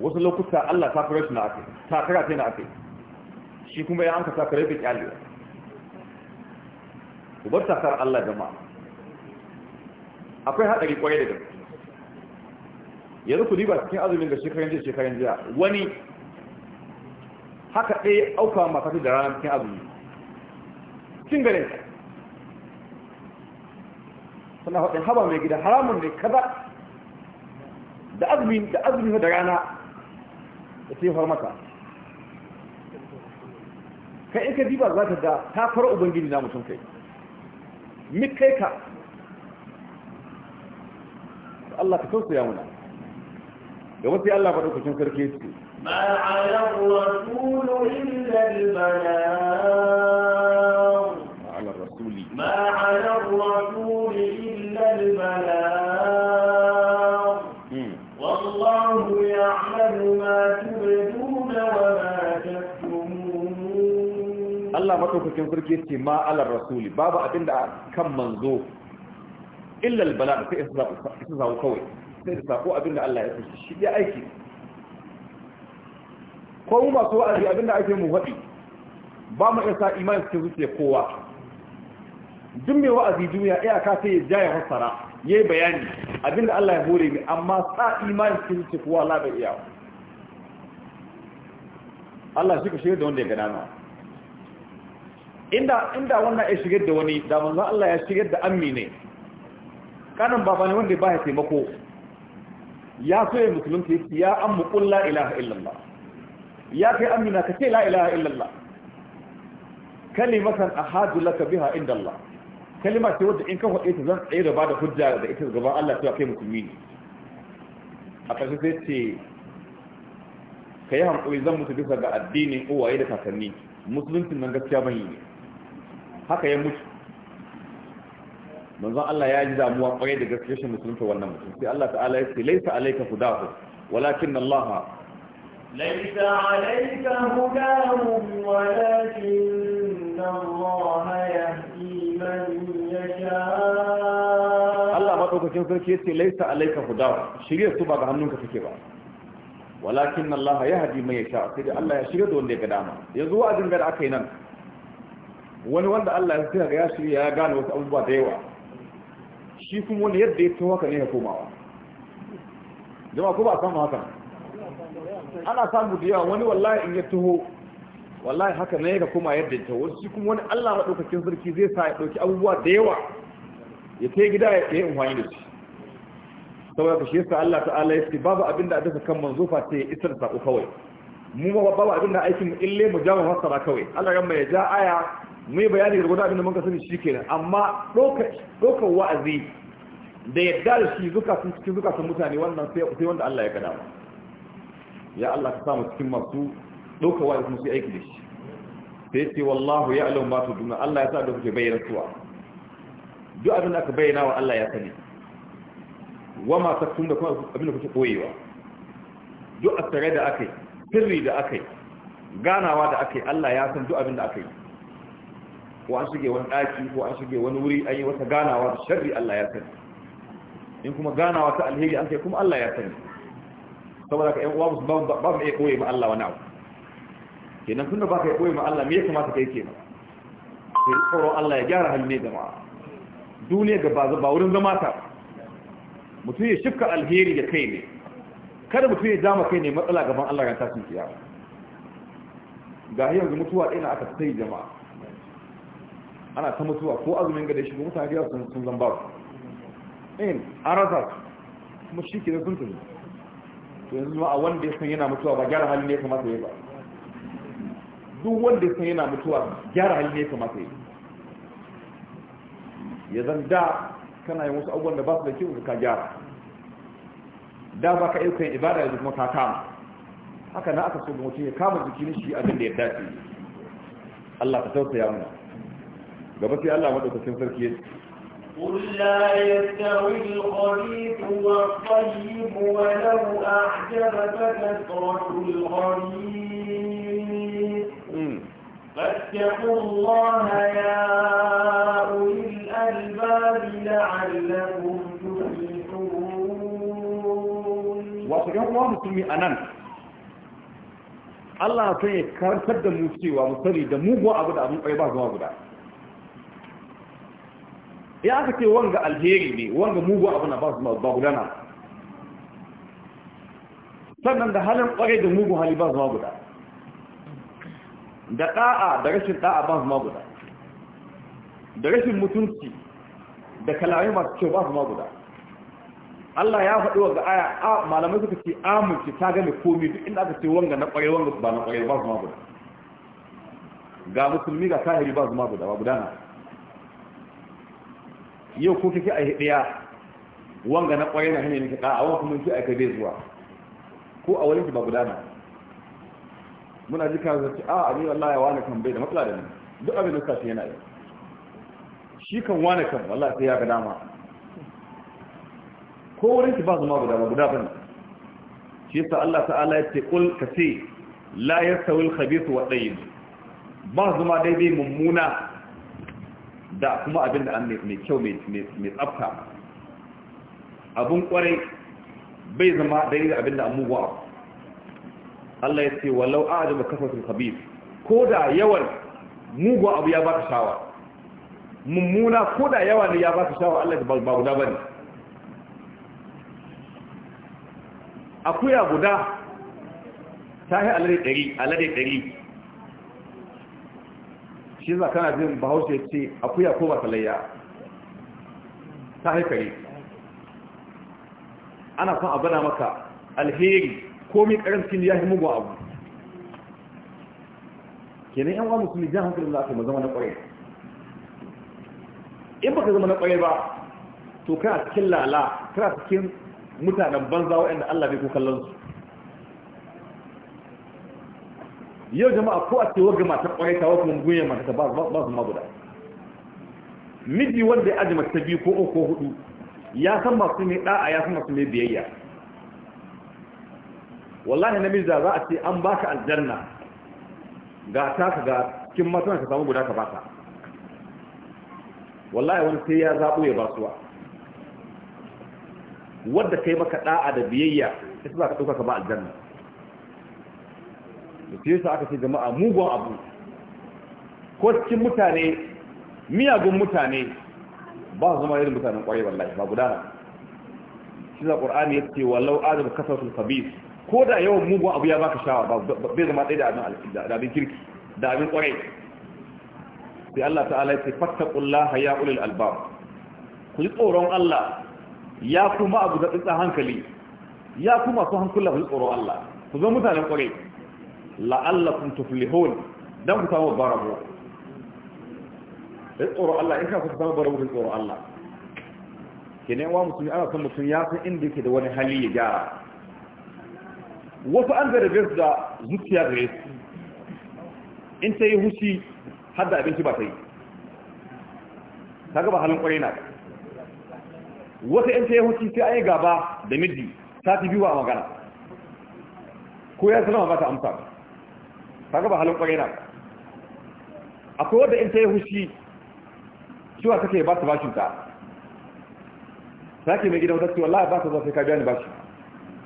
wasu lokuta Allah ta fara shi na ake, ta kara ta na ake. shi kuma ya hanka sakare da kyalewa ku bar sakar Allah jama'a akwai haɗari kwaye da gaske yanzu ku diba cikin azumin da shekaran jiya shekaran jiya wani haka ɗaya auka maka da ranar cikin azumi cikin garin suna faɗin haba mai gida haramun ne kaza da azumi da azumi da rana da sai farmaka kai in ka diba za ka ga ta fara ubangiji na mutum kai mi kai ka Allah ka ya muna da wasu Allah ba ɗaukacin sarki su ما على الرسول إلا البلاغ ما على الرسول والله يعلم ما تبدون وما Allah madaukakin sarki ce ma alar rasuli babu abin da kan manzo illa albala sai isa zaku kawai sai da sako abin da Allah ya fushi shi ya aiki ko mu masu wa'azi abin da ake mu faɗi ba mu isa imani cikin zuciya kowa duk mai wa'azi duniya ka sai ya jaya hasara yayi bayani abin da Allah ya hore mi amma sa imani cikin zuciya kowa la bai iya Allah shi ka shirya da wanda ya gana nawa inda inda wannan ya shigar da wani da manzo Allah ya shigar da ammi ne kanan baba ne wanda ba ya taimako ya so musulunci ya ammu qul la ilaha illallah ya kai amina ka ce la ilaha illallah kalimatan ahadu laka biha inda Allah kalima ce wadda in ka faɗe ta zan tsaye da bada hujja da ita gaban Allah cewa kai musulmi ne a ƙarshe sai ce ka yi hankali zan mutu bisa ga addinin uwaye da kakanni Musulunci nan gaskiya ban ne haka ya mutu manzon Allah ya ji damuwa kwarai da gaske shi musulunta wannan mutum sai Allah ta'ala ya ce laisa alayka hudahu walakin Allah laisa alayka hudahum walakin Allah yahdi man yasha Allah madaukakin sarki yace laisa alayka hudahu shirye su ba ga hannunka take ba walakin Allah yahdi man yasha sai Allah ya shirye da wanda ya ga dama yanzu wa'azin da aka yi nan wani wanda Allah ya tsaya ya shirya ya gane wasu abubuwa da yawa shi kuma wani yadda ya tawo ne ya komawa Jam'a ko ba a samu haka ana samu da yawa wani wallahi in ya taho wallahi haka ne ya koma yadda ya taho shi kuma wani Allah madaukakin sarki zai sa ya ɗauki abubuwa da yawa ya kai gida ya yi amfani da shi saboda ka shi yasa Allah ta'ala ya ce babu abin da aka kan manzo fa ta ya isar sako kawai mu ma babu abin da aikin mu ille mu jawo masara kawai Allah ya mai ja aya mai bayani ga guda abinda muka sani shi kenan amma ɗaukar wa'azi da yadda da shi zuka sun cikin zuka sun mutane wannan sai wanda Allah ya kada ya Allah ka samu cikin masu ɗaukar wa'azi sun sai aiki da shi sai ce wallahu ya alamu ba su duna Allah ya sa da kuke bayyana suwa duk abin da aka bayyana wa Allah ya sani wa ma sun da kuma abin da kuke koyewa duk tare da yi, sirri da akai ganawa da yi, Allah ya san duk abin da yi. ko an shige wani ɗaki ko an shige wani wuri an yi wata ganawa da sharri Allah ya sani in kuma ganawa ta alheri an kai kuma Allah ya sani saboda ka ƴan uwa musu ba mu iya koye ma Allah wani abu kenan tunda ba ka iya koye ma Allah me ya kamata kai kenan sai tsoron Allah ya gyara halin ne jama'a duniya ga ba wurin zama ta mutum ya shifka alheri da kai ne kada mutum ya dama kai ne matsala gaban Allah ran tashin kiyama ga yanzu mutuwa ɗaya aka sai jama'a ana ta mutuwa ko azumin gada shi mutane da yawa sun zan ba su in an rasa kuma shi ke da sun tuni to yanzu a wanda ya san yana mutuwa ba gyara hali ne ya kamata ya ba duk wanda ya san yana mutuwa gyara hali ne ya kamata ya ya zan da kana yin wasu abubuwan da ba su da kyau ka gyara da ba ka kai ibada da kuma ka kama haka na aka so mutum ya kama jikin shi abin da ya dace Allah ka tausaya mana gaba sai Allah madaukakin sarki ya قل لا يستوي الخبيث والطيب ولو أعجبك كثرة الخبيث فاتقوا الله يا أولي الألباب لعلكم تفلحون وأخيرا الله مسلمي أنان Allah sai ya karkar da mu cewa mu sani da mugun abu da abin ƙwai ba zuwa guda. ya aka ce wanga alheri ne wanga mugu abu na ba gudana sannan da halin kwarai da mugu hali ba zama guda da ɗa'a da rashin ɗa'a ba zama guda da rashin mutunci da kalamai masu kyau ba zama guda Allah ya faɗi wanga aya a malamai suka ce amince ta game komi duk inda aka ce wanga na kwarai wanga ba na kwarai ba zama guda ga musulmi ga kahiri ba zama guda ba gudana yau ko kike a hidiya wanga na kwarai na hanyar kiɗa a wani kuma a aika bai zuwa ko a wurin ki ba gudana muna ji ka zaci a ah, a ni wallahi wani kan bai da matsala da ni duk abin da kace yana yi shi kan wani kan wallahi sai ya ga dama ko wurin ki ba zuma guda ba guda bane shi yasa Allah ta'ala ya ce kul kace la yastawi al-khabith wa tayyib ba zuma daidai mummuna da kuma abin da an mai kyau mai tsafta abin kwarai bai zama daidai da abin da an mugu abu Allah ya ce walau a ajaba kasasun habib ko da yawan mugu abu ya ba ka shawa mummuna ko da yawa ne ya ba ka shawa Allah ya ba guda ba ne. akuya guda ta yi alade alade ɗari shi za kana jin bahaushe ce akuya ko ba layya ta haifari ana kan abana maka alheri komi karancin ya himu mugun abu kenan yan wa musulmi jan hankali za a yi zama na kwarai in baka zama na kwarai ba to kana cikin lala kana cikin mutanen banza waɗanda Allah bai ko kallon su yau jama'a ko a ce waga mata kwarai ta wasu mungunyar mata ta ba su ma guda miji wanda ya aji mata biyu ko uku ko hudu ya san masu ne da'a ya san masu ne biyayya wallahi na da za a ce an baka aljanna ga ta ka ga cikin matan ka samu guda ka baka wallahi wani sai ya zaɓo ya basuwa wadda kai maka da'a da biyayya ita za ka ɗauka ka ba aljanna da fiye sa aka ce jama'a mugun abu ko mutane miyagun mutane ba su zama irin mutanen kwarai wallahi ba gudana shi za ƙur'ani ya ce wallau adam sun khabis ko da yawan mugun abu ya baka shawa ba bai zama ɗaya da abin kirki da abin kwarai sai Allah ta'ala ya ce fattaqullaha ya ulul albab ku ji tsoron Allah ya kuma abu da tsitsa hankali ya kuma su hankula ku ji tsoron Allah ku zama mutanen kwarai la'allakum tuflihun dan ku samu barabo sai tsoro Allah in ka ku samu barabo kun tsoro Allah kene wa mutum ya san mutum ya san inda yake da wani hali ya gyara wasu an zarge su da zuciya gare su in ta yi hushi har da abinci ba ta yi ta gaba halin kwarai na Wasu in ta yi hushi sai an yi gaba da midi ta fi biyu a magana ko ya zama ba ta amsa ba kaga ba halin kwarai na akwai wadda in ta yi hushi ciwa take ba ta bashin ta sake mai gidan wata ce la'a ba ta zafi ka biya ni bashi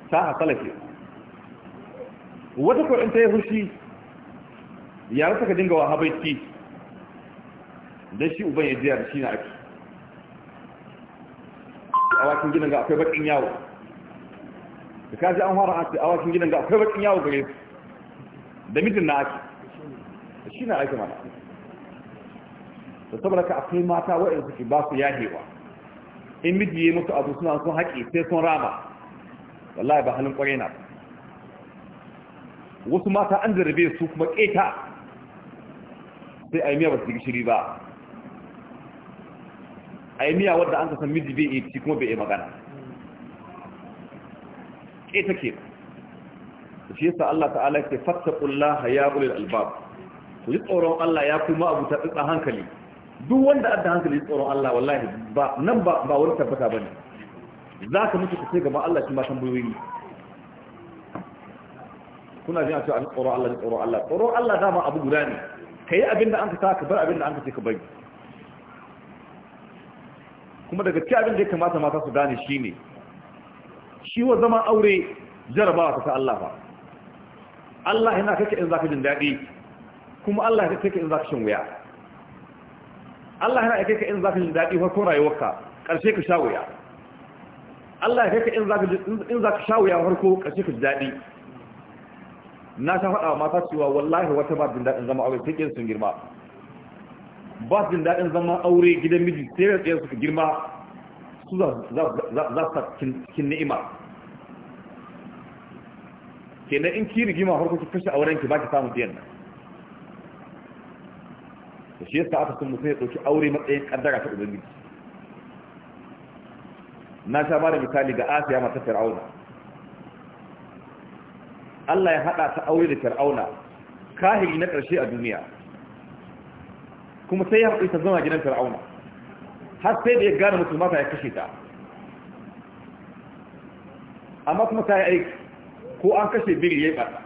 ta hasala ke wata ko in ta yi hushi yara ka dinga wa ki don shi uban ya jiya da shi na ake awakin ginin ga akwai bakin yawo da kaji an fara awakin ginin ga akwai bakin yawo gare su da mijin na ake shi na ake mana da saboda ka akwai mata wa'in suke ba su yahewa in miji ya mutu abu suna sun haƙi sai sun rama wallahi ba halin ƙwarai na wasu mata an zarbe su kuma ƙeta sai a yi miya ba su gishiri ba a yi miya wadda an kasan miji bai iya ci kuma bai iya magana ƙeta ke ba shi yasa Allah ta'ala ke fattaqullaha ya ulil albab ku yi tsoron Allah ya kuma abu ta tsitsa hankali duk wanda adda hankali tsoron Allah wallahi ba nan ba ba wani tabbata bane zaka mutu ka sai gaba Allah shi ma tambayoyi kuna jin a cewa an tsoron Allah tsoron Allah tsoron Allah dama abu guda ne kai abin da an ka saka bar abin da an ka ce ka bari kuma daga cikin abin da ya kamata mata su gane shine shi wa zama aure jarabawa ta Allah ba Allah yana kake in zaka jin daɗi kuma Allah yana kake in zaka shin wuya Allah yana kake in zaka jin daɗi farkon rayuwarka ƙarshe ka sha wuya Allah ya kake in zaka in zaka sha wuya farko karshe ka dadi na ta fada wa mata cewa wallahi wata ba jin daɗin zama aure sai sun girma ba jin daɗin zama aure gidan miji sai da tsaya su girma su za ta kin ni'ima kenan in ki rigima farko ki kashe auren ki baki samu biyan nan da shi yasa aka sun mutum ya dauki aure matsayin kaddara ta ubangiji na sha ba da misali ga asiya mata fir'auna Allah ya hada ta aure da fir'auna kahiri na karshe a duniya kuma sai ya haɗu ta zama gidan fir'auna har sai da ya gane mutum mata ya kashe ta amma kuma ta yi aiki ko an kashe biri ya yi ɓata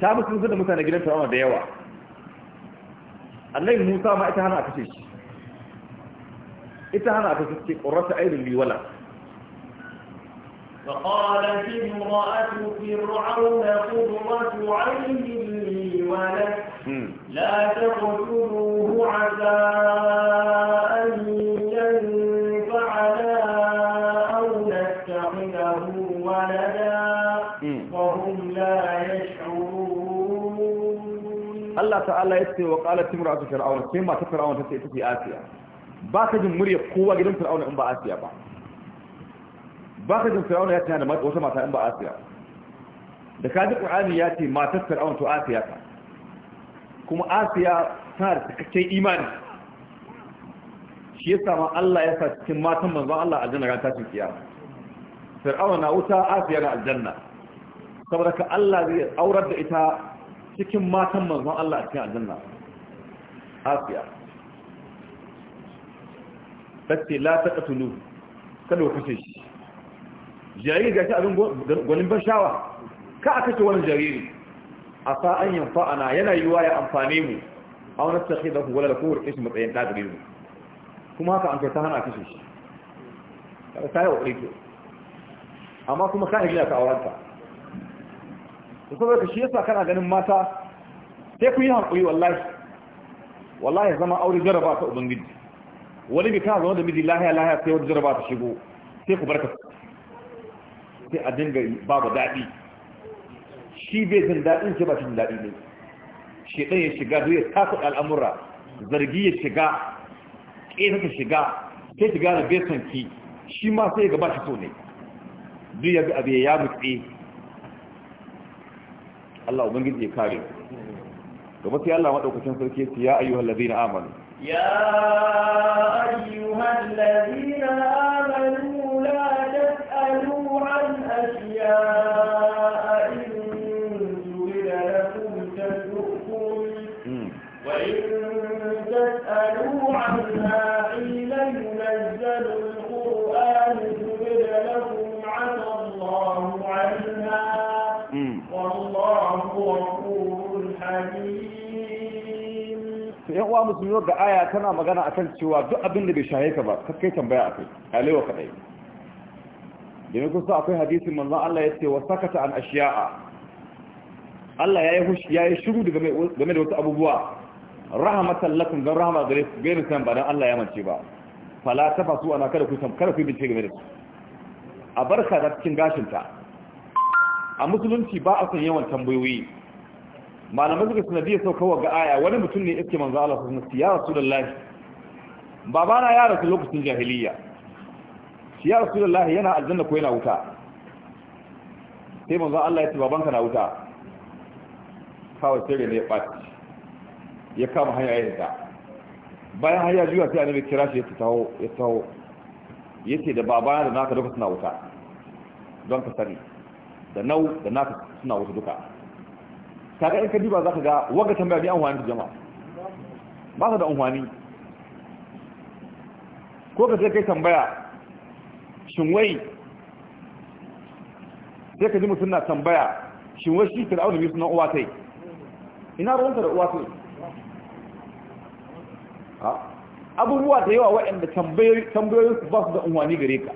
ta musulunta da mutane gidan fir'auna da yawa annabi musa ma ita hana a kashe shi ita hana a kashe shi ƙorata ainihin liwala فقالت امرأة فرعون قدرة عين لي ولك لا تقتلوه عسى أن Allah ta'ala ya ce wa qalat imra'atu fir'auna sai mata fir'auna ta ce ita ce Asiya ba ka jin murya kowa gidan fir'auna in ba Asiya ba ba ka jin fir'auna ya tana mata wata mata in ba Asiya da kaji Qur'ani ya ce mata fir'auna to Asiya ta kuma Asiya tana da cikakken imani shi yasa ma Allah ya sa cikin matan manzon Allah aljanna ta tashin kiyama fir'auna wuta Asiya na aljanna saboda ka Allah zai aurar da ita cikin matan manzon Allah a cikin aljanna asiya tace la taqtulu kada ku kashe shi jariri gashi abin gwanin ban shawa ka a kashe wani jariri a sa an yanfa'ana yana yiwa ya amfane mu a wani sarki da kuwa da kowar kashi matsayin ɗagari mu kuma haka an kai ta hana kashe shi ka yi wa ƙarfi amma kuma ka hajjina ka aurenta da saboda ka shi yasa kana ganin mata sai ku yi hankuri wallahi wallahi zama aure jaraba ta ubangiji wani bi kana zama da miji lahiya lahiya sai wani jaraba ta shigo sai ku barka sai a dinga babu daɗi shi bai jin daɗin ce ba shi jin daɗi ne shi ɗan ya shiga zai tafi al'amura zargi ya shiga ƙeta ta shiga sai shiga da besanki shi ma sai ya gaba shi so ne duk ya bi abu ya mutse Allah ubangiji ya kare gaba sai Allah madaukakin sarki ya ya ayyuhal ladina amanu ya ayyuhal ladina amanu la tas'alu an asya'a in turida lakum tad'ukum hmm. in musulmi da aya tana magana a kan cewa duk abin da bai shaye ka ba kai tambaya a kai alewa kaɗai domin kusa akwai hadisin manzan Allah ya ce wa sakata an ashiya'a Allah ya yi ya yi shiru game da wasu abubuwa rahamatan lakum don rahama gare su gairin san ba don Allah ya mace ba fala ta fasu ana kada ku kada ku bincike game da su a barka da cikin gashinta a musulunci ba a son yawan tambayoyi malamai suka sanadiyar sau kawai ga aya wani mutum ne iske manzo Allah sun ce ya rasulullahi babana ya rasu lokacin jahiliya shi ya rasulullahi yana aljanna ko yana wuta sai manzo Allah ya ce babanka na wuta kawai sai ne ya ɓaci ya kama hanya ya hita bayan hanya juya sai annabi kira shi ya taho ya taho yace da babana da naka lokacin suna wuta don ka sani da nau da naka suna wuta duka kaga in ka duba za ka ga waga tambaya mai amfani da jama'a ba su da amfani ko ka sai kai tambaya shin wai sai ka ji mutum na tambaya shin wai shi da mai sunan uwa kai ina ruwanta da uwa tai abubuwa da yawa waɗanda tambayoyin su ba su da unhwani gare ka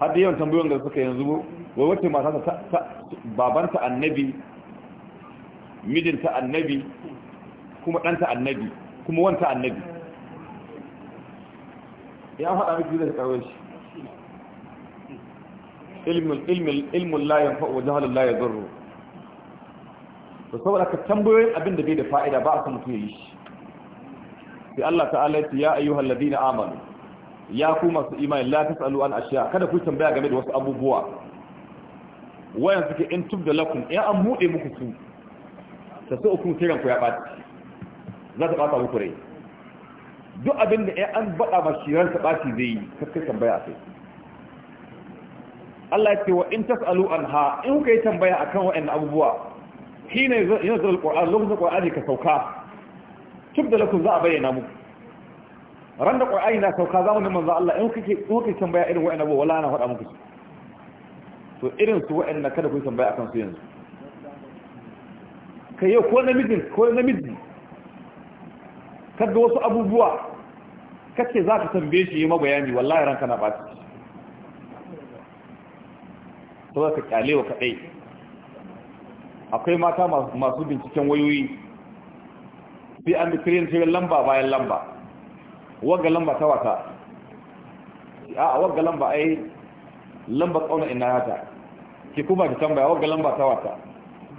har da yawan tambayoyin da suka yanzu wai wata mata babanta annabi mijinta annabi kuma ɗanta annabi kuma wanta annabi ya haɗa miki zai ƙarwar shi ilmin layan fa'o jihalar layan zarro da saboda ka tambayoyin abin da bai da fa'ida ba a kan mutu ya yi shi sai Allah ta'ala ya ya ayyuhal ladina amanu ya ku masu imani la tasalu an ashiya kada ku tambaya game da wasu abubuwa wayan suke in tub da lakum ya an buɗe muku su ta so uku kiran ku ya ɓaci za ta ɓata muku rai duk abin da ya an baɗa ma shi ransa ɓaci zai yi kakkai tambaya a kai Allah ya ce wa in tas'alu anha in kuka yi tambaya akan waɗannan abubuwa hina yanzu alquran lokacin qur'ani ka sauka tub da lakum za a bayyana muku ran da qur'ani na sauka za zamanin manzo Allah in kuke kuka tambaya irin waɗannan abubuwa wala na faɗa muku to irin su na kada kun yi a akan su yanzu kai yau ko namijin ko namiji kada wasu abubuwa kake za ka tambaye shi yi ma bayani wallahi ranka na baci to za ka kyale wa kaɗai akwai mata masu binciken wayoyi Bi an bi kirin cewa lamba bayan lamba wagga lamba ta wata a wagga lamba ai lamba kauna ina ta ki kuma ki tambaya wagga lamba ta wata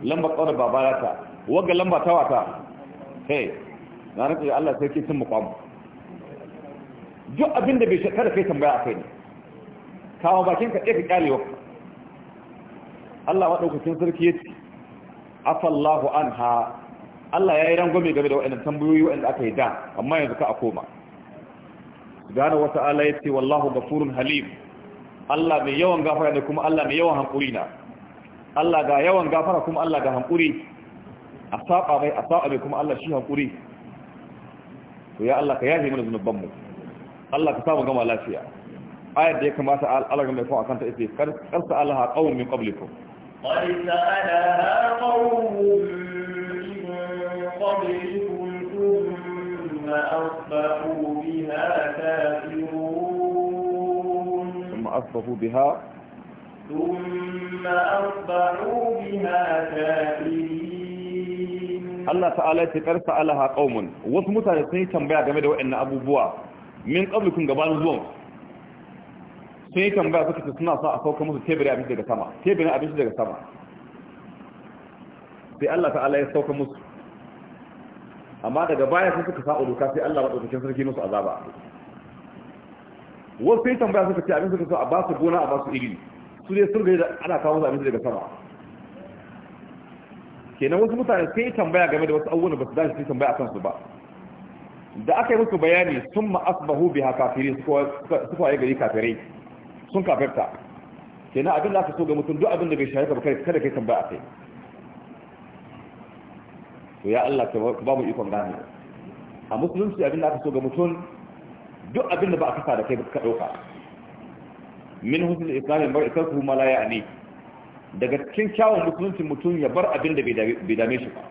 lamba tsara babara ta wagga lamba ta wata hey na rike Allah sai ki sun muqam duk abin da bai kada kai tambaya akai ne kawo bakin ka ɗaya ka kyale wa Allah sarki ya afallahu anha Allah yayi yi rangwame game da waɗannan tambayoyi waɗanda aka yi da amma yanzu ka a koma gane wata ala ya ce wallahu gafurun halim Allah mai yawan gafara ne kuma Allah mai yawan hankuri na Allah ga yawan gafara kuma Allah ga hankuri a saba mai a saba mai kuma Allah shi hankuri to ya Allah ka yafe mana zunuban mu Allah ka samu gama lafiya ayar da ya kamata Allah ga mai kawo akan ta ita kar karsa Allah qawm min qablikum qad sa'alaha qawm min qablikum thumma asbahu biha kafirin فأصبحوا بها ثم أصبحوا بها كافرين الله تعالى تقر سألها قوم وسمتا يسني تنبيع جميل وإن أبو بوا من قبلكم قبال زوم sun yi tambaya suka ce suna sa a sauka musu tebirin abinci daga sama tebirin abinci daga sama sai Allah ta'ala ya sauka musu amma daga baya sun suka sa uluka sai Allah maɗaukakin sarki musu azaba wasu sai tambaya suka ce abin suka so a ba su gona a ba su ilimi su ne sun da ana kawo musu abinci daga sama kenan wasu mutane sai tambaya game da wasu abubuwan ba su dace su tambaya akan su ba da aka yi musu bayani sun ma'asbahu ha kafirin su waye gari kafirai sun kafirta kenan abin da aka so ga mutum duk abin da bai shahara ba kada kai tambaya kai to ya Allah ka ba mu ikon gane a musulunci abin da aka so ga mutum duk abin da ba a kasa da kai ba ka ɗauka min husnul islamin bar isar kuma la ya'ni daga cikin kyawun musulunci mutum ya bar abin da bai dame shi ba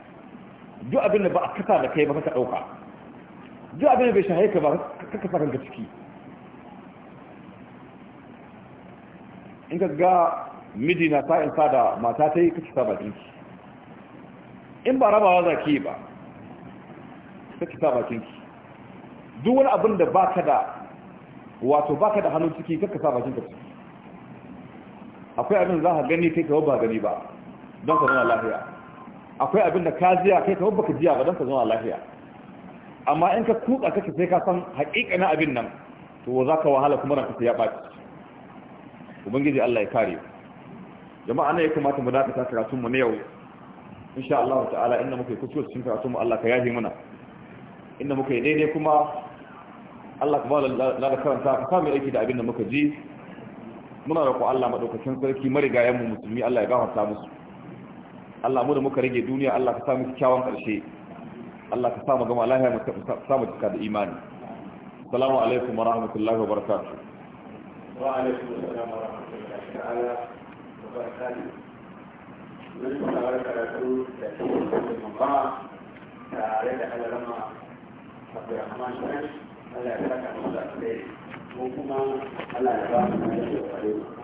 duk abin da ba a kasa da kai ba ka ɗauka duk abin da bai shahe ka ba ka kasa kanka ciki in ka ga miji na in sa da mata ta yi kasa sa bakin ki in ba rabawa za ki yi ba ka sa bakin ki duk wani abin da ba ka da wato ba ka da hannun ciki kakka sa bakin ka ciki akwai abin za ka gani kai ka ba gani ba don ka zama lafiya akwai abin da ka jiya kai ka ba ka jiya ba don ka zama lafiya amma in ka kuka kake sai ka san haƙiƙa abin nan to za ka wahala kuma ranka sai ya ɓaci ubangiji Allah ya kare jama'a ne ya kamata mu dakata karatun mu ne yau insha Allah ta'ala inda muke kusurcin karatun mu Allah ka yafe mana inda muke daidai kuma Allah kuma na da karanta ka kame aiki da abin da muka ji muna roƙo Allah madaukakin sarki marigayen mu musulmi Allah ya gafarta musu Allah mu da muka rage duniya Allah ka sa mu kyawun ƙarshe Allah ka sa mu gama lafiya mu sa mu cika da imani assalamu alaikum wa rahmatullahi wa barakatuh wa alaikum assalam wa rahmatullahi wa barakatuh mun fara karatu da cikin mamba tare da alarma Abdurrahman Shaish Allah ya saka mu da kai ko kuma Allah ya ba mu da kwarewa